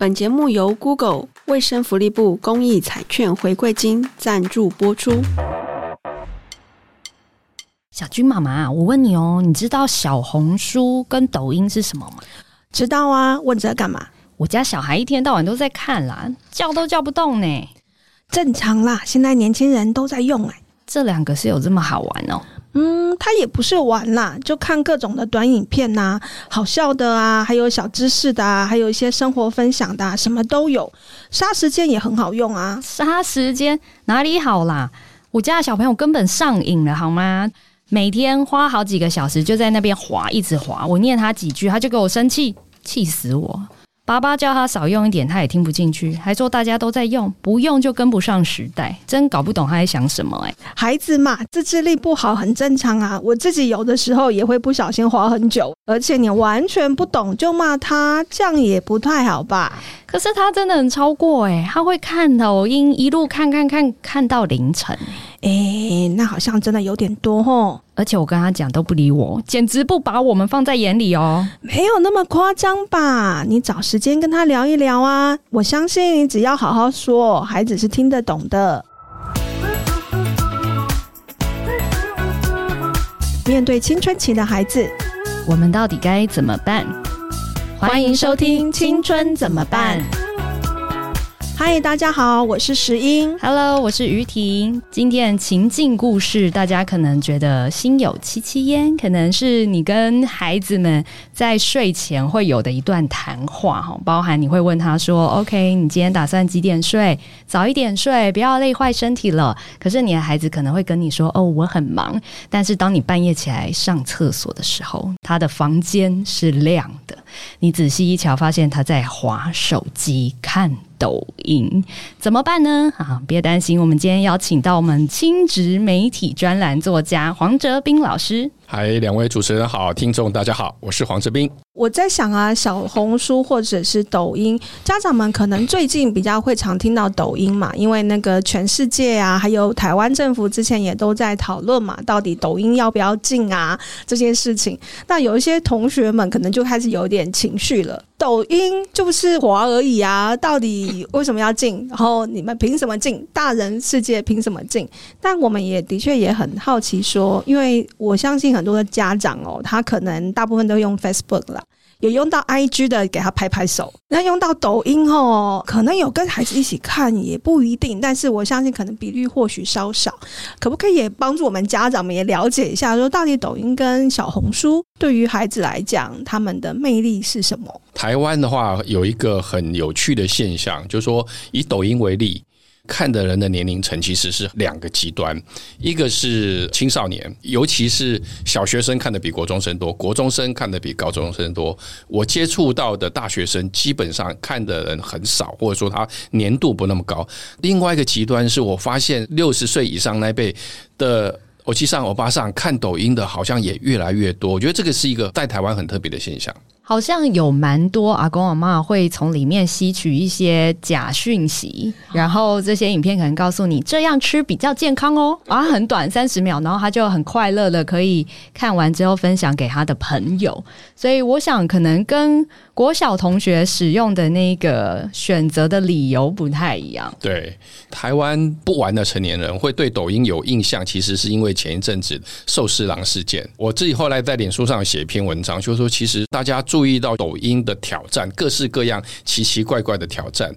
本節目由 Google 衛生福利部公益彩券回饋金贊助播出。小君媽媽，我問你哦，你知道小紅書跟抖音是什麼嗎？知道啊，問這幹嘛？我家小孩一天到晚都在看啦，叫都叫不動呢。正常啦，現在年輕人都在用哎、欸，這兩個是有這麼好玩哦。嗯，他也不是玩啦，就看各種的短影片吶，好笑的啊，還有小知識的啊，還有一些生活分享的啊，什麼都有。殺時間也很好用啊，殺時間哪裡好啦？我家的小朋友根本上癮了，好嗎？每天花好幾個小時就在那邊滑，一直滑。我念他幾句，他就給我生氣，氣死我。爸爸叫他少用一點，他也聽不進去，還說大家都在用，不用就跟不上時代，真搞不懂他在想什麼哎。孩子嘛，自制力不好很正常啊，我自己有的時候也會不小心滑很久。而且你完全不懂就罵他，這樣也不太好吧？可是他真的很超過欸，他會看抖音，一路看看看，看到凌晨。欸，那好像真的有點多哦。而且我跟他講都不理我，簡直不把我們放在眼裡喔。沒有那麼誇張吧？你找時間跟他聊一聊啊，我相信只要好好說，孩子是聽得懂的。 面對青春期的孩子。我們到底該怎麼辦？歡迎收聽《青春怎麼辦》。嗨，Hi, 大家好，我是石英。Hello，我是於婷。今天情境故事，大家可能覺得心有戚戚焉，可能是你跟孩子們在睡前會有的一段談話哈，包含你會問他說：“OK，你今天打算幾點睡？早一點睡，不要累壞身體了。”可是你的孩子可能會跟你說：“哦，我很忙。”但是當你半夜起來上廁所的時候，他的房間是亮的，你仔細一瞧，發現他在滑手機看。抖音怎麼辦呢？啊，別擔心，我們今天邀請到我們親職媒體專欄作家黃哲斌老師。嗨，Hi, 兩位主持人好，聽眾大家好，我是黃哲斌。我在想啊，小紅書或者是抖音，家長們可能最近比較會常聽到抖音嘛，因為那個全世界啊，還有台灣政府之前也都在討論嘛，到底抖音要不要禁啊這件事情。那有一些同學們可能就開始有點情緒了，抖音就是玩而已啊，到底為什麼要禁？然後你們憑什麼禁？大人世界憑什麼禁？但我們也的確也很好奇說，說因為我相信很。很多的家長哦，他可能大部分都用 Facebook 啦，也用到 IG 的，給他拍拍手。那用到抖音哦，可能有跟孩子一起看，也不一定。但是我相信，可能比率，或許稍少。可不可以也幫助我們家長們也了解一下，說到底抖音跟小紅書對於孩子來講，他們的魅力是什麼？台灣的話，有一個很有趣的現象，就是說以抖音為例。看的人的年齡層其實是兩個極端，一個是青少年，尤其是小學生看的比國中生多，國中生看的比高中生多。我接觸到的大學生基本上看的人很少，或者說他年度不那麼高。另外一個極端是我發現六十歲以上那輩的，歐吉桑歐巴桑看抖音的好像也越來越多。我覺得這個是一個在台灣很特別的現象。好像有蠻多阿公阿嬤會從裡面吸取一些假訊息，然後這些影片可能告訴你這樣吃比較健康哦，啊，很短三十秒，然後他就很快樂的可以看完之後分享給他的朋友，所以我想可能跟。國小同學使用的那個選擇的理由不太一樣。對，台灣不玩的成年人會對抖音有印象，其實是因為前一陣子壽司郎事件。我自己後來在臉書上寫一篇文章，就是說其實大家注意到抖音的挑戰，各式各樣奇奇怪怪的挑戰。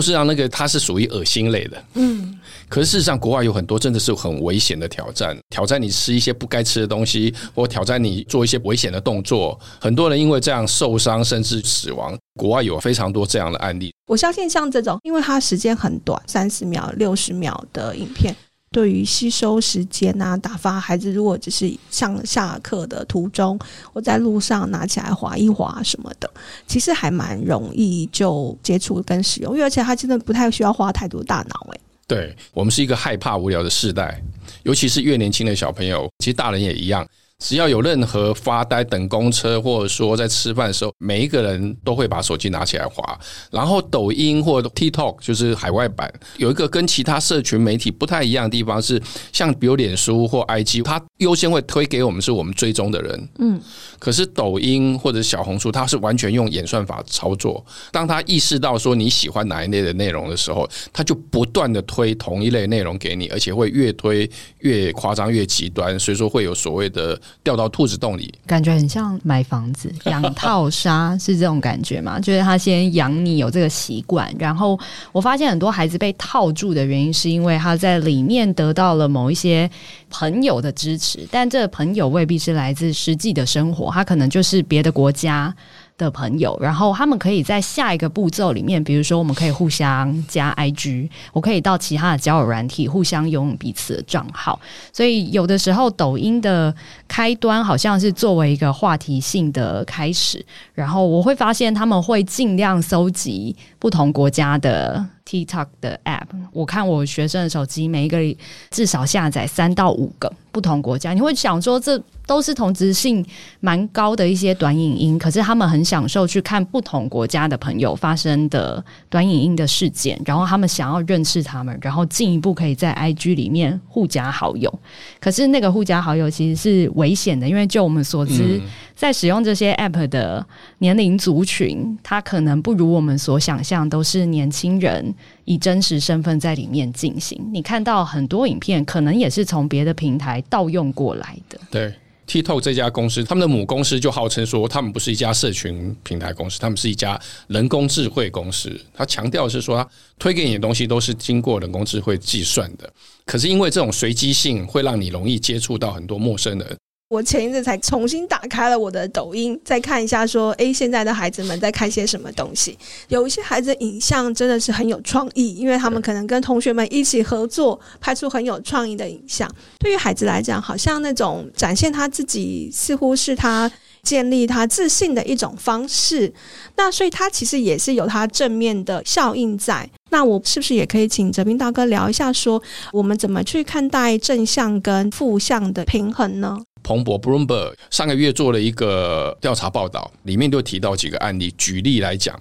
事實上，那個它是屬於噁心類的。嗯，可是事實上，國外有很多真的是很危險的挑戰，挑戰你吃一些不該吃的東西，或挑戰你做一些危險的動作。很多人因為這樣受傷甚至死亡。國外有非常多這樣的案例。我相信像這種，因為它時間很短，三十秒、六十秒的影片。對於吸收時間啊，打發孩子，如果只是上下課的途中或在路上拿起來滑一滑什麼的，其實還蠻容易就接觸跟使用，因為而且他真的不太需要花太多大腦誒、欸。對，我們是一個害怕無聊的世代，尤其是越年輕的小朋友，其實大人也一樣。只要有任何發呆、等公車，或者說在吃飯的時候，每一個人都會把手機拿起來滑。然後抖音或 TikTok 就是海外版，有一個跟其他社群媒體不太一樣的地方是，像比如臉書或 IG，它優先會推給我們是我們追蹤的人。嗯，可是抖音或者小紅書，它是完全用演算法操作。當它意識到說你喜歡哪一類的內容的時候，它就不斷的推同一類內容給你，而且會越推越誇張、越極端。所以說會有所謂的。掉到兔子洞裡，感覺很像買房子養套殺，是這種感覺嗎？ 就是他先養你有這個習慣，然後我發現很多孩子被套住的原因，是因為他在裡面得到了某一些朋友的支持，但這朋友未必是來自實際的生活，他可能就是別的國家。的朋友，然後他們可以在下一個步驟裡面，比如說，我們可以互相加 IG，我可以到其他的交友軟體互相擁有彼此的賬號。所以有的時候抖音的開端好像是作為一個話題性的開始，然後我會發現他們會盡量蒐集不同國家的 TikTok 的 App。我看我學生的手機，每一個至少下載三到五個。不同國家，你會想說這都是同質性蠻高的一些短影音，可是他們很享受去看不同國家的朋友發生的短影音的事件，然後他們想要認識他們，然後進一步可以在 IG 裡面互加好友。可是那個互加好友其實是危險的，因為就我們所知，嗯、在使用這些 APP 的年齡族群，他可能不如我們所想象都是年輕人以真實身份在裡面進行。你看到很多影片，可能也是從別的平台。盜用過來的對。對，TikTok 這家公司，他們的母公司就號稱說，他們不是一家社群平台公司，他們是一家人工智慧公司。他強調是說，他推給你的東西都是經過人工智慧計算的。可是因為這種隨機性，會讓你容易接觸到很多陌生人。我前一陣才重新打開了我的抖音，再看一下說，誒、欸，現在的孩子們在看些什麼東西？有一些孩子的影像真的是很有創意，因為他們可能跟同學們一起合作，拍出很有創意的影像。對於孩子來講，好像那種展現他自己，似乎是他建立他自信的一種方式。那所以，他其實也是有他正面的效應在。那我是不是也可以請哲斌大哥聊一下說，說我們怎麼去看待正向跟負向的平衡呢？彭博 （Bloomberg） 上個月做了一個調查報道，裡面就提到幾個案例。舉例來講，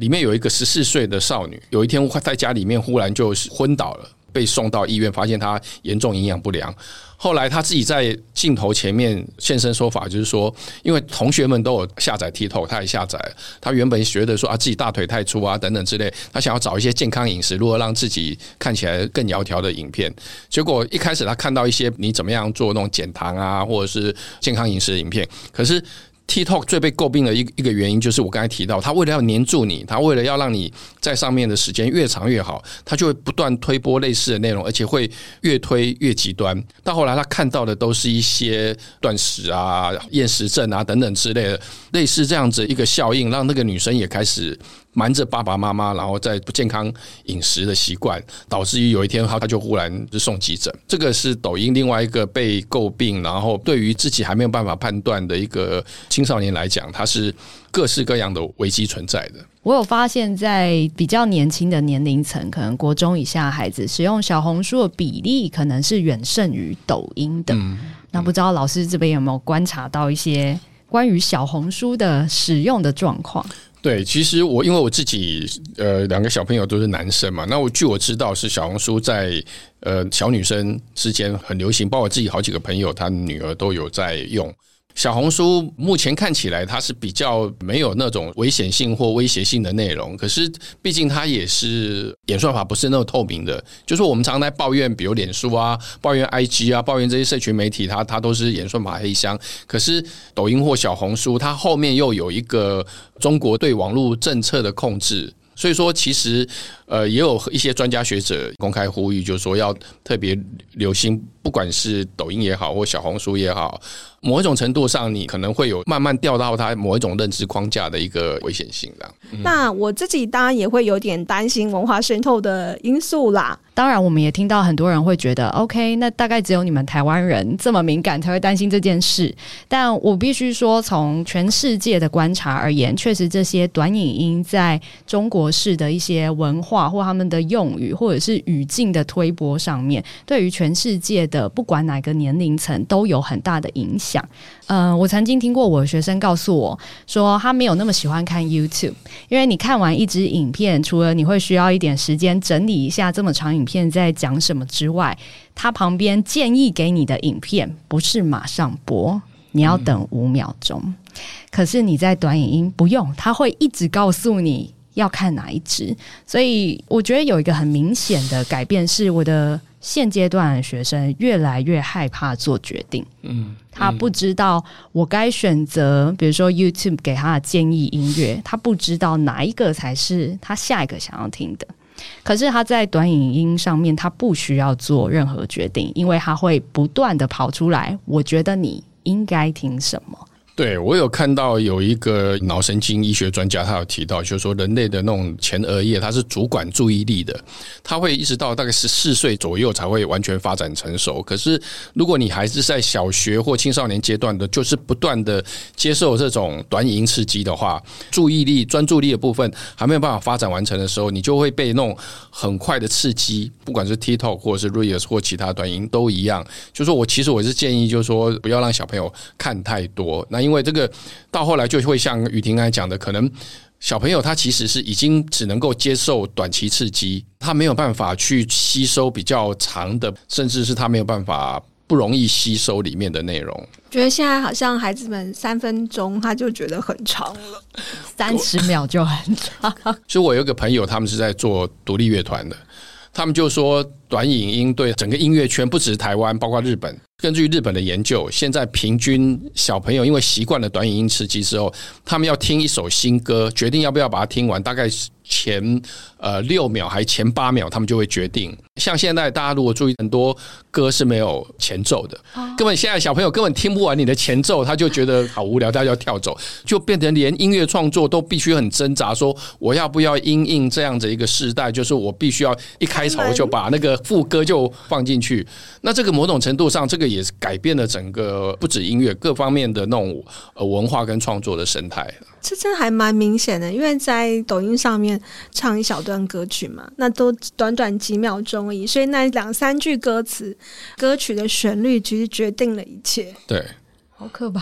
裡面有一個十四歲的少女，有一天她在家裡面忽然就昏倒了，被送到醫院，發現她嚴重營養不良。後來他自己在鏡頭前面現身說法，就是說，因為同學們都有下載 TikTok，他也下載。他原本覺得的說啊，自己大腿太粗啊等等之類，他想要找一些健康飲食如何讓自己看起來更窈窕的影片。結果一開始他看到一些你怎麼樣做那種減糖啊，或者是健康飲食的影片，可是。TikTok 最被詬病的一一個原因，就是我剛才提到，他為了要黏住你，他為了要讓你在上面的時間越長越好，他就會不斷推播類似的內容，而且會越推越極端。到後來，他看到的都是一些斷食啊、厭食症啊等等之類的，類似這樣子一個效應，讓那個女生也開始。瞞着爸爸媽媽，然後在不健康飲食的習慣，導致於有一天他他就忽然就送急診。這個是抖音另外一個被詬病，然後對於自己還沒有辦法判斷的一個青少年來講，他是各式各樣的危機存在的。我有發現，在比較年輕的年齡層，可能國中以下的孩子使用小紅書的比例可能是遠勝於抖音的。嗯嗯。那不知道老師這邊有沒有觀察到一些關於小紅書的使用的狀況？對，其實我因為我自己，呃，兩個小朋友都是男生嘛，那我據我知道是小紅書在呃小女生之間很流行，包括我自己好幾個朋友，他女兒都有在用。小紅書目前看起來它是比較沒有那種危險性或威脅性的內容，可是畢竟它也是演算法不是那麼透明的，就是我們常常在抱怨，比如臉書啊，抱怨 IG 啊，抱怨這些社群媒體，它它都是演算法黑箱。可是抖音或小紅書，它後面又有一個中國對網絡政策的控制，所以說其實。呃，也有一些專家學者公開呼籲，就是說要特別留心，不管是抖音也好，或小紅書也好，某一種程度上，你可能會有慢慢掉到它某一種認知框架的一個危險性的，嗯。那我自己當然也會有點擔心文化滲透的因素啦。當然，我們也聽到很多人會覺得，OK，那大概只有你們台灣人這麼敏感才會擔心這件事。但我必須說，從全世界的觀察而言，確實這些短影音在中國式的一些文化。保護他們的用語，或者是語境的推波上面，對於全世界的不管哪個年齡層都有很大的影響。嗯、呃，我曾經聽過我的學生告訴我說，他沒有那麼喜歡看 YouTube，因為你看完一支影片，除了你會需要一點時間整理一下這麼長影片在講什麼之外，他旁邊建議給你的影片不是馬上播，你要等五秒鐘。嗯、可是你在短影音不用，他會一直告訴你，要看哪一支，所以我覺得有一個很明顯的改變是，我的現階段的學生越來越害怕做決定。嗯，嗯，他不知道我該選擇，比如說 YouTube 給他的建議音樂，他不知道哪一個才是他下一個想要聽的。可是他在短影音上面，他不需要做任何決定，因為他會不斷的跑出來。我覺得你應該聽什麼。對，我有看到有一個腦神經醫學專家，他有提到，就是說人類的那種前額葉，它是主管注意力的，它會一直到大概十四歲左右才會完全發展成熟。可是如果你還是在小學或青少年階段的，就是不斷的接受這種短影音刺激的話，注意力、專注力的部分還沒有辦法發展完成的時候，你就會被那種很快的刺激，不管是 TikTok 或是 Reels 或其他短影音都一樣。就是我其實我是建議，就是說不要讓小朋友看太多因為這個到後來就會像雨婷剛才講的，可能小朋友他其實是已經只能夠接受短期刺激，他沒有辦法去吸收比較長的，甚至是他沒有辦法不容易吸收裡面的內容。覺得現在好像孩子們三分鐘他就覺得很長了，三十秒就很長。所以，我有一個朋友，他們是在做獨立樂團的，他們就說短影音對整個音樂圈不止台灣，包括日本。根據日本的研究，現在平均小朋友因為習慣了短影音刺激之後，他們要聽一首新歌，決定要不要把它聽完，大概前呃六秒還是前八秒，他們就會決定。像現在大家如果注意，很多歌是沒有前奏的，根本現在小朋友根本聽不完你的前奏，他就覺得好無聊，他就要跳走，就變成連音樂創作都必須很掙扎，說我要不要因應這樣子一個世代，就是我必須要一開頭就把那個副歌就放進去。那這個某種程度上，這個。也改變了整個不止音樂各方面的那種文化跟創作的生態，這真的還蠻明顯的。因為在抖音上面唱一小段歌曲嘛，那都短短幾秒鐘而已，所以那兩三句歌詞、歌曲的旋律其實決定了一切。對。好可怕！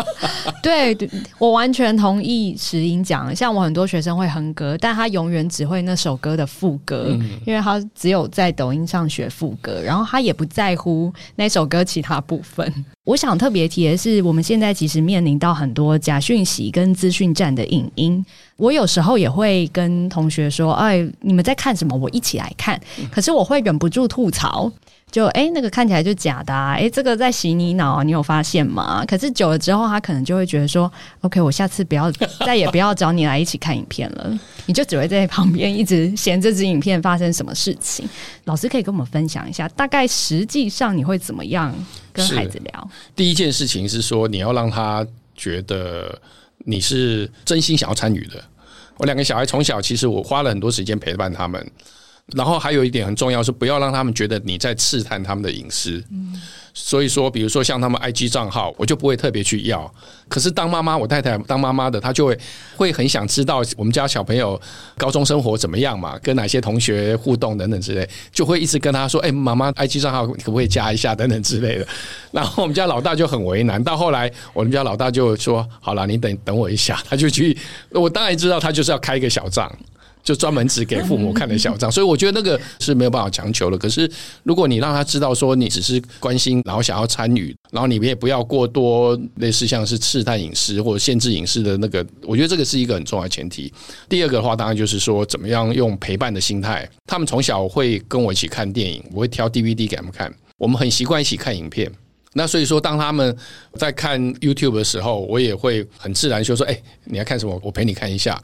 對，我完全同意石英講，像我很多學生會哼歌，但他永遠只會那首歌的副歌，因為他只有在抖音上學副歌，然後他也不在乎那首歌其他部分。 我想特別提的是，我們現在其實面臨到很多假訊息跟資訊戰的影音，我有時候也會跟同學說：“哎，你們在看什麼？我一起來看。”可是我會忍不住吐槽。就哎、欸，那個看起來就假的、啊，哎、欸，這個在洗你腦、啊，你有發現嗎？可是久了之後，他可能就會覺得說，OK，我下次不要，再也不要找你來一起看影片了。 你就只會在旁邊一直嫌這支影片發生什麼事情。老師可以跟我們分享一下，大概實際上你會怎麼樣跟孩子聊？第一件事情是說，你要讓他覺得你是真心想要參與的。我兩個小孩從小，其實我花了很多時間陪伴他們。然後還有一點很重要是，不要讓他們覺得你在刺探他們的隱私。所以說，比如說像他們 IG 賬號，我就不會特別去要。可是當媽媽，我太太當媽媽的，她就會會很想知道我們家小朋友高中生活怎麼樣嘛，跟哪些同學互動等等之類，就會一直跟他說：“哎，媽媽，IG 賬號可不可以加一下？”等等之類的。然後我們家老大就很為難。到後來，我們家老大就說：“好了，你等等我一下。”他就去。我當然知道，他就是要開一個小賬。就專門只給父母看的小賬，所以我覺得那個是沒有辦法強求的。可是如果你讓他知道說你只是關心，然後想要參與，然後你也不要過多類似像是刺探隱私或者限制隱私的那個，我覺得這個是一個很重要的前提。第二個的話當然就是說怎麼樣用陪伴的心態，他們從小會跟我一起看電影，我會挑 DVD 給他們看，我們很習慣一起看影片。那所以說，當他們在看 YouTube 的時候，我也會很自然就說：“哎，你要看什麼？我陪你看一下。”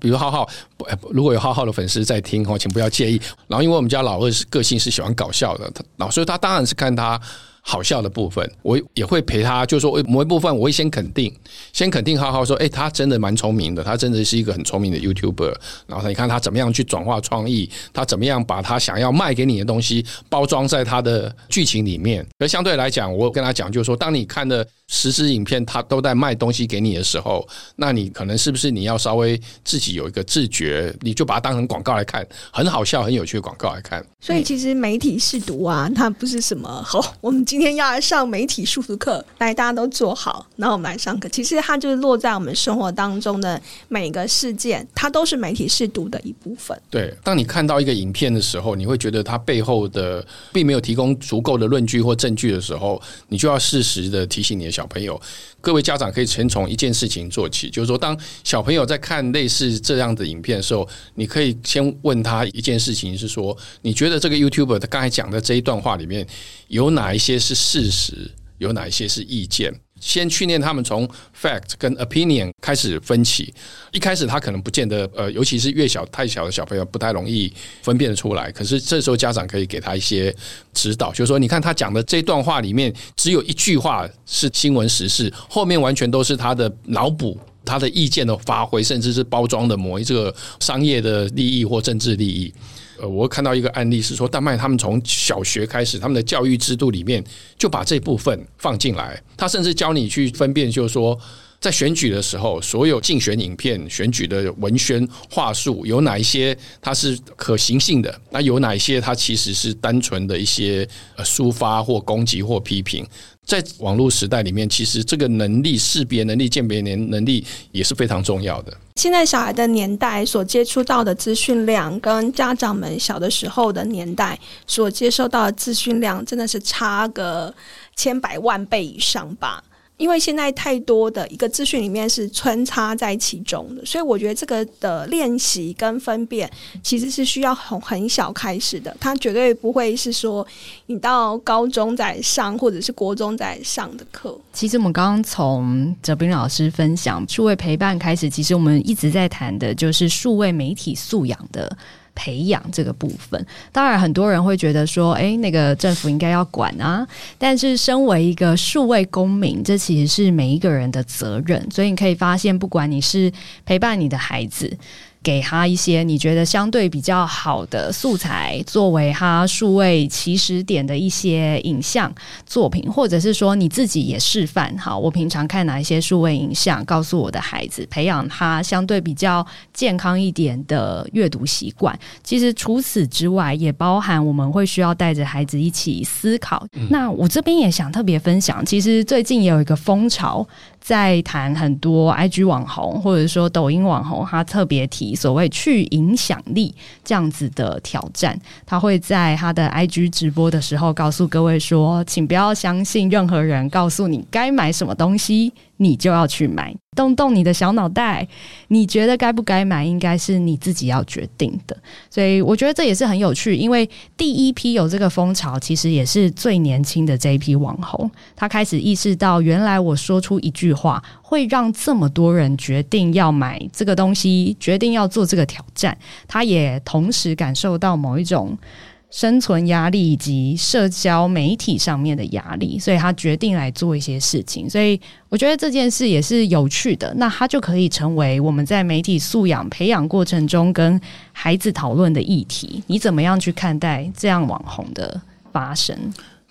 比如浩浩，哎，如果有浩浩的粉絲在聽哈，請不要介意。然後，因為我們家老二是個性是喜歡搞笑的，然後所以他當然是看他好笑的部分。我也會陪他，就是說某一部分，我會先肯定，先肯定浩浩說：“誒，他真的蠻聰明的，他真的是一個很聰明的 YouTuber。”然後你看他怎麼樣去轉化創意，他怎麼樣把他想要賣給你的東西包裝在他的劇情裡面。而相對來講，我跟他講就是說，當你看的。實時影片，它都在賣東西給你的時候，那你可能是不是你要稍微自己有一個自覺，你就把它當成廣告來看，很好笑、很有趣的廣告來看。所以，其實媒體識讀啊，它不是什麼，好，我們今天要來上媒體識讀課，來，大家都坐好，那我們來上課。其實它就是落在我們生活當中的每個事件，它都是媒體識讀的一部分。對，當你看到一個影片的時候，你會覺得它背後的並沒有提供足夠的論據或證據的時候，你就要適時的提醒你的。小朋友，各位家長可以先從一件事情做起，就是說，當小朋友在看類似這樣的影片的時候，你可以先問他一件事情，是說，你覺得這個 YouTuber 他剛才講的這一段話裡面，有哪一些是事實，有哪一些是意見？先訓練他們從 fact 跟 opinion 開始分歧，一開始他可能不見得呃，尤其是越小太小的小朋友不太容易分辨得出來。可是這時候家長可以給他一些指導，就是說你看他講的這段話裡面只有一句話是新聞時事，後面完全都是他的腦補、他的意見的發揮，甚至是包裝的某一個商業的利益或政治利益。呃，我看到一個案例是說，丹麥他們從小學開始，他們的教育制度裡面就把這部分放進來。他甚至教你去分辨，就是說，在選舉的時候，所有競選影片、選舉的文宣話術，有哪一些它是可行性的，那有哪一些它其實是單純的一些抒發或攻擊或批評。在網絡時代裡面，其實這個能力、識別能力、鑑別能能力也是非常重要的。現在小孩的年代所接觸到的資訊量，跟家長們小的時候的年代所接受到的資訊量，真的是差個千百萬倍以上吧。因為現在太多的一個資訊裡面是穿插在其中的，所以我覺得這個的練習跟分辨其實是需要從很小開始的。他絕對不會是說你到高中再上或者是國中再上的課。其實我們剛剛從哲斌老師分享數位陪伴開始，其實我們一直在談的就是數位媒體素養的培養這個部分，當然很多人會覺得說，誒、欸，那個政府應該要管啊！但是，身為一個數位公民，這其實是每一個人的責任。所以，你可以發現，不管你是陪伴你的孩子。給他一些你覺得相對比較好的素材，作為他數位起始點的一些影像作品，或者是說你自己也示範好，我平常看哪一些數位影像，告訴我的孩子，培養他相對比較健康一點的閱讀習慣。其實除此之外，也包含我們會需要帶着孩子一起思考。嗯，那我這邊也想特別分享，其實最近也有一個風潮，在談很多 IG 網紅，或者說抖音網紅，他特別提所謂去影響力這樣子的挑戰。他會在他的 IG 直播的時候告訴各位說，請不要相信任何人告訴你該買什麼東西。你就要去買，動動你的小腦袋，你覺得該不該買，應該是你自己要決定的。所以我覺得這也是很有趣，因為第一批有這個風潮，其實也是最年輕的這一批網紅，他開始意識到，原來我說出一句話，會讓這麼多人決定要買這個東西，決定要做這個挑戰，他也同時感受到某一種。生存壓力以及社交媒體上面的壓力，所以他決定來做一些事情。所以我覺得這件事也是有趣的。那他就可以成為我們在媒體素養培養過程中跟孩子討論的議題。你怎麼樣去看待這樣網紅的發生？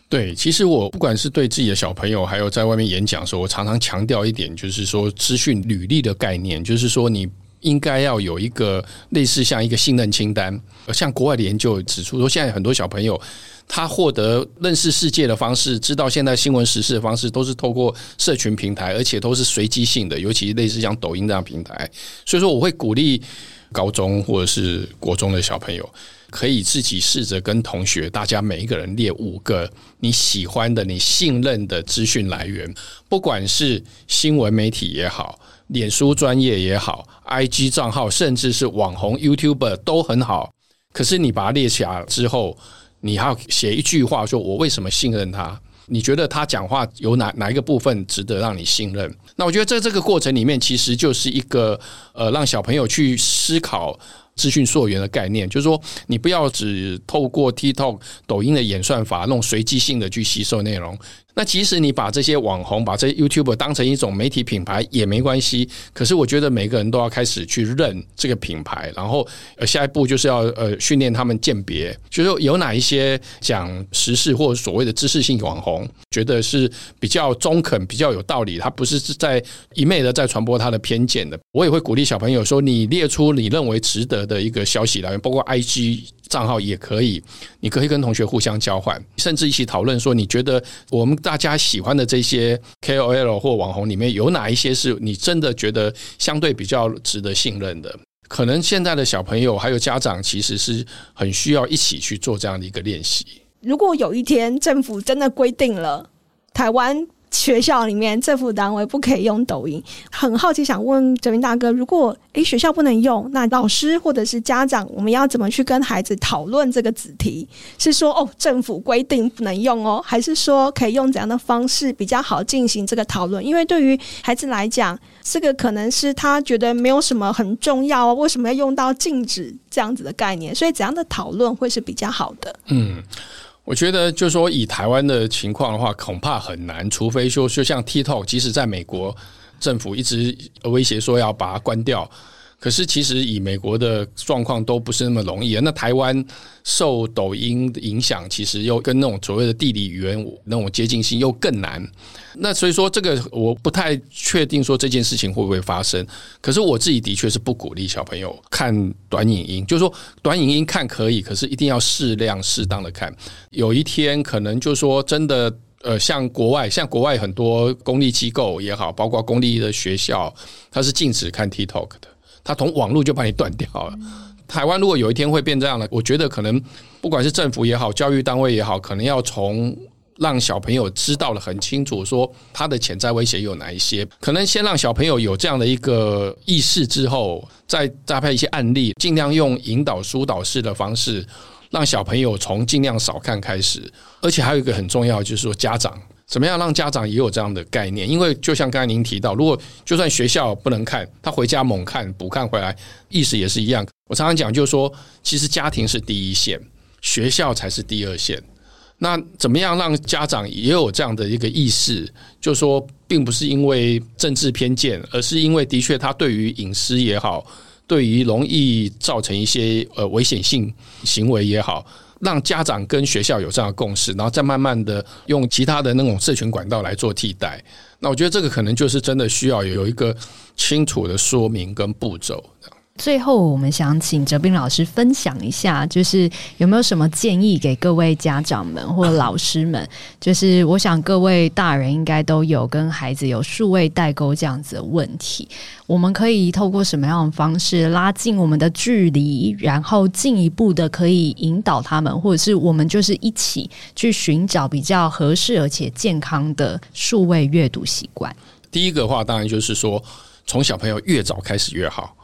對，其實我不管是對自己的小朋友，還有在外面演講的時候，我常常強調一點，就是說資訊履歷的概念，就是說你。應該要有一個類似像一個信任清單，像國外的研究指出說，現在很多小朋友他獲得認識世界的方式，知道現在新聞時事的方式，都是透過社群平台，而且都是隨機性的，尤其類似像抖音這樣平台。所以說，我會鼓勵高中或者是國中的小朋友。可以自己試着跟同學，大家每一個人列五個你喜歡的、你信任的資訊來源，不管是新聞媒體也好，臉書專頁也好，IG 賬號，甚至是網紅 YouTuber 都很好。可是你把它列起來之後，你還要寫一句話，說我為什麼信任他？你覺得他講話有哪哪一個部分值得讓你信任？那我覺得在這個過程裡面，其實就是一個呃，讓小朋友去思考。資訊溯源的概念，就是說你不要只透過 TikTok、抖音的演算法那種隨機性的去吸收內容，那即使你把這些網紅、把這些 YouTube 當成一種媒體品牌也沒關係。可是我覺得每個人都要開始去認這個品牌，然後呃，下一步就是要呃訓練他們鑑別，就是說有哪一些講時事或所謂的知識性網紅，覺得是比較中肯、比較有道理，他不是是在一昧的在傳播他的偏見的。我也會鼓勵小朋友說，你列出你認為值得。的一個消息來源，包括 IG 賬號也可以，你可以跟同學互相交換，甚至一起討論說，你覺得我們大家喜歡的這些 KOL 或網紅裡面有哪一些是你真的覺得相對比較值得信任的？可能現在的小朋友還有家長，其實是很需要一起去做這樣的一個練習。如果有一天政府真的規定了台灣，學校裡面政府單位不可以用抖音，很好奇想問哲斌大哥，如果誒學校不能用，那老師或者是家長，我們要怎麼去跟孩子討論這個主題？是說哦政府規定不能用哦，還是說可以用怎樣的方式比較好進行這個討論？因為對於孩子來講，這個可能是他覺得沒有什麼很重要哦，為什麼要用到禁止這樣子的概念？所以怎樣的討論會是比較好的？嗯。我覺得，就是說以台灣的情況的話，恐怕很難，除非說就就像 TikTok，即使在美國政府一直威脅說要把它關掉。可是其實以美國的狀況都不是那麼容易的那台灣受抖音影響，其實又跟那種所謂的地理語言武那種接近性又更難。那所以說這個我不太確定說這件事情會不會發生。可是我自己的確是不鼓勵小朋友看短影音，就是說短影音看可以，可是一定要適量適當的看。有一天可能就是說真的，呃，像國外，像國外很多公立機構也好，包括公立的學校，它是禁止看 TikTok 的。它從網絡就把你斷掉了。台灣如果有一天會變這樣的，我覺得可能不管是政府也好，教育單位也好，可能要從讓小朋友知道了很清楚，說他的潛在威脅有哪一些，可能先讓小朋友有這樣的一個意識之後，再搭配一些案例，盡量用引導疏導式的方式，讓小朋友從盡量少看開始。而且還有一個很重要，就是說家長。怎麼樣讓家長也有這樣的概念？因為就像剛才您提到，如果就算學校不能看，他回家猛看、補看回來，意思也是一樣。我常常講，就是說，其實家庭是第一線，學校才是第二線。那怎麼樣讓家長也有這樣的一個意識？就是說，並不是因為政治偏見，而是因為的確他對於隱私也好，對於容易造成一些呃危險性行為也好。讓家長跟學校有這樣的共識，然後再慢慢的用其他的那種社群管道來做替代。那我覺得這個可能就是真的需要有一個清楚的說明跟步驟。最後，我們想請哲斌老師分享一下，就是有沒有什麼建議給各位家長們或老師們？就是我想各位大人應該都有跟孩子有數位代溝這樣子的問題，我們可以透過什麼樣的方式拉近我們的距離，然後進一步的可以引導他們，或者是我們就是一起去尋找比較合適而且健康的數位閱讀習慣。第一個話，當然就是說，從小朋友越早開始越好。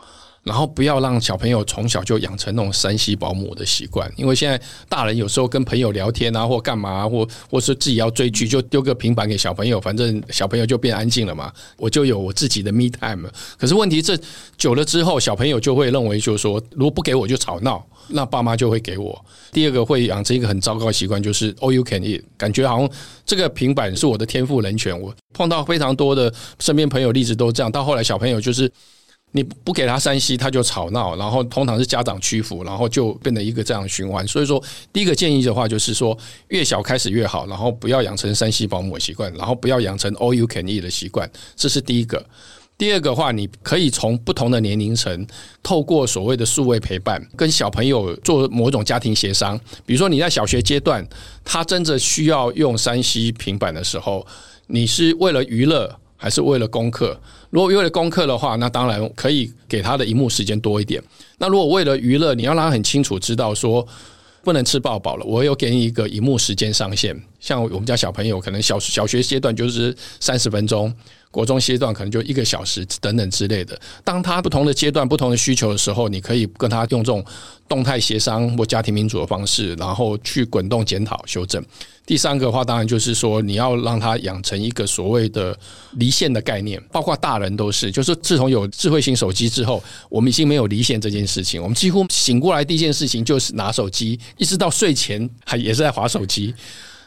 然後不要讓小朋友從小就養成那種 3C 保姆的習慣，因為現在大人有時候跟朋友聊天啊，或幹嘛、啊，或或是自己要追劇就丟個平板給小朋友，反正小朋友就變安靜了嘛，我就有我自己的 me time 了。可是問題這久了之後，小朋友就會認為就是說，如果不給我就吵鬧，那爸媽就會給我。第二個會養成一個很糟糕的習慣，就是 all you can eat，感覺好像這個平板是我的天賦人權。我碰到非常多的身邊朋友例子都這樣，到後來小朋友就是。你不給他三 C，他就吵鬧，然後通常是家長屈服，然後就變得一個這樣循環。所以說，第一個建議的話就是說，越小開始越好，然後不要養成三 C 保母習慣，然後不要養成 all you can eat 的習慣，這是第一個。第二個的話，你可以從不同的年齡層，透過所謂的數位陪伴，跟小朋友做某種家庭協商。比如說你在小學階段，他真的需要用三 C 平板的時候，你是為了娛樂。還是為了功課，如果為了功課的話，那當然可以給他的熒幕時間多一點。那如果為了娛樂，你要讓他很清楚知道說，不能吃飽飽了。我有給你一個熒幕時間上限。像我們家小朋友，可能小小學階段就是三十分鐘。國中階段可能就一個小時等等之類的。當他不同的階段、不同的需求的時候，你可以跟他用這種動態協商或家庭民主的方式，然後去滾動檢討修正。第三個的話，當然就是說，你要讓他養成一個所謂的離線的概念，包括大人都是，就是自從有智慧型手機之後，我們已經沒有離線這件事情。我們幾乎醒過來第一件事情就是拿手機，一直到睡前還也是在滑手機。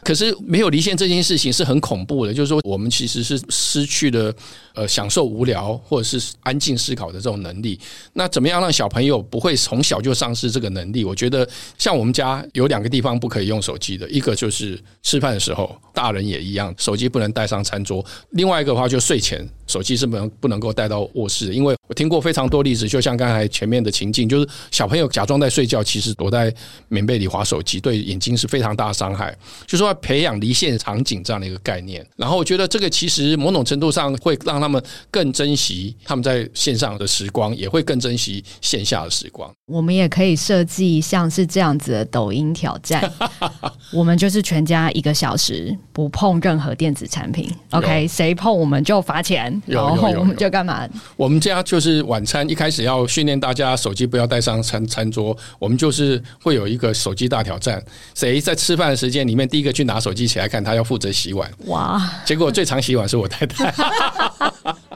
可是沒有離線這件事情是很恐怖的，就是說我們其實是失去了呃享受無聊或者是安靜思考的這種能力。那怎麼樣讓小朋友不會從小就喪失這個能力？我覺得像我們家有兩個地方不可以用手機的，一個就是吃飯的時候，大人也一樣，手機不能帶上餐桌；另外一個的話就睡前。手機是不能不能夠帶到臥室的，因為我聽過非常多例子，就像剛才前面的情境，就是小朋友假裝在睡覺，其實躲在棉被裡滑手機，對眼睛是非常大的傷害。就是說要培養離線場景這樣的一個概念，然後我覺得這個其實某種程度上會讓他們更珍惜他們在線上的時光，也會更珍惜線下的時光。我們也可以設計像是這樣子的抖音挑戰， 我們就是全家一個小時不碰任何電子產品，OK，誰有碰我們就罰錢。然後我們就幹嘛？我們家就是晚餐一開始要訓練大家手機不要帶上餐餐桌，我們就是會有一個手機大挑戰，誰在吃飯的時間裡面第一個去拿手機起來看，他要負責洗碗。哇！結果最常洗碗是我太太。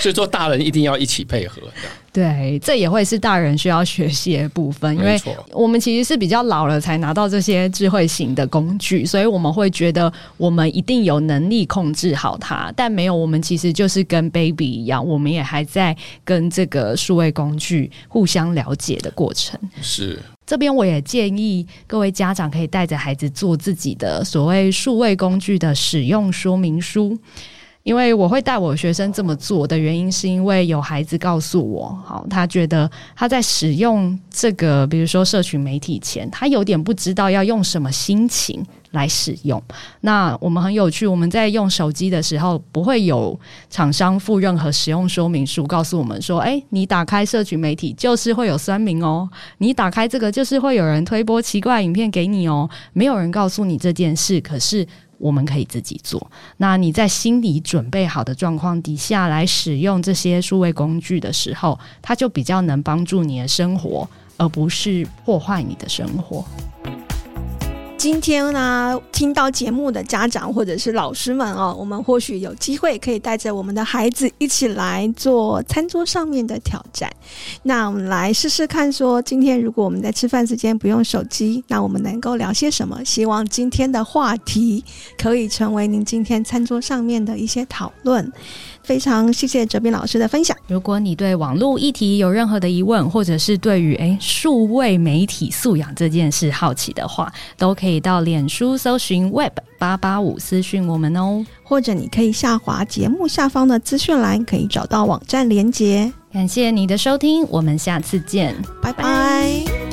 所以說，大人一定要一起配合。對，這也會是大人需要學習的部分。因為我們其實是比較老了，才拿到這些智慧型的工具，所以我們會覺得我們一定有能力控制好它。但沒有，我們其實就是跟 baby 一樣，我們也還在跟這個數位工具互相了解的過程。是。這邊我也建議各位家長可以帶着孩子做自己的所謂數位工具的使用說明書。因為我會帶我學生這麼做的原因，是因為有孩子告訴我，好，他覺得他在使用這個，比如說社群媒體前，他有點不知道要用什麼心情來使用。那我們很有趣，我們在用手機的時候，不會有廠商附任何使用說明書，告訴我們說，誒，你打開社群媒體就是會有酸民哦，你打開這個就是會有人推播奇怪影片給你哦，沒有人告訴你這件事，可是，我們可以自己做。那你在心理準備好的狀況底下來使用這些數位工具的時候，它就比較能幫助你的生活，而不是破壞你的生活。今天呢、啊，聽到節目的家長或者是老師們哦，我們或許有機會可以帶着我們的孩子一起來做餐桌上面的挑戰。那我們來試試看說，說今天如果我們在吃飯時間不用手機，那我們能夠聊些什麼？希望今天的話題可以成為您今天餐桌上面的一些討論。非常謝謝哲斌老師的分享。如果你對網絡議題有任何的疑問，或者是對於誒數位媒體素養這件事好奇的話，都可以。可以到臉書搜尋 web 885私訊我們哦，或者你可以下滑節目下方的資訊欄，可以找到網站連結。感謝你的收聽，我們下次見，拜拜。拜拜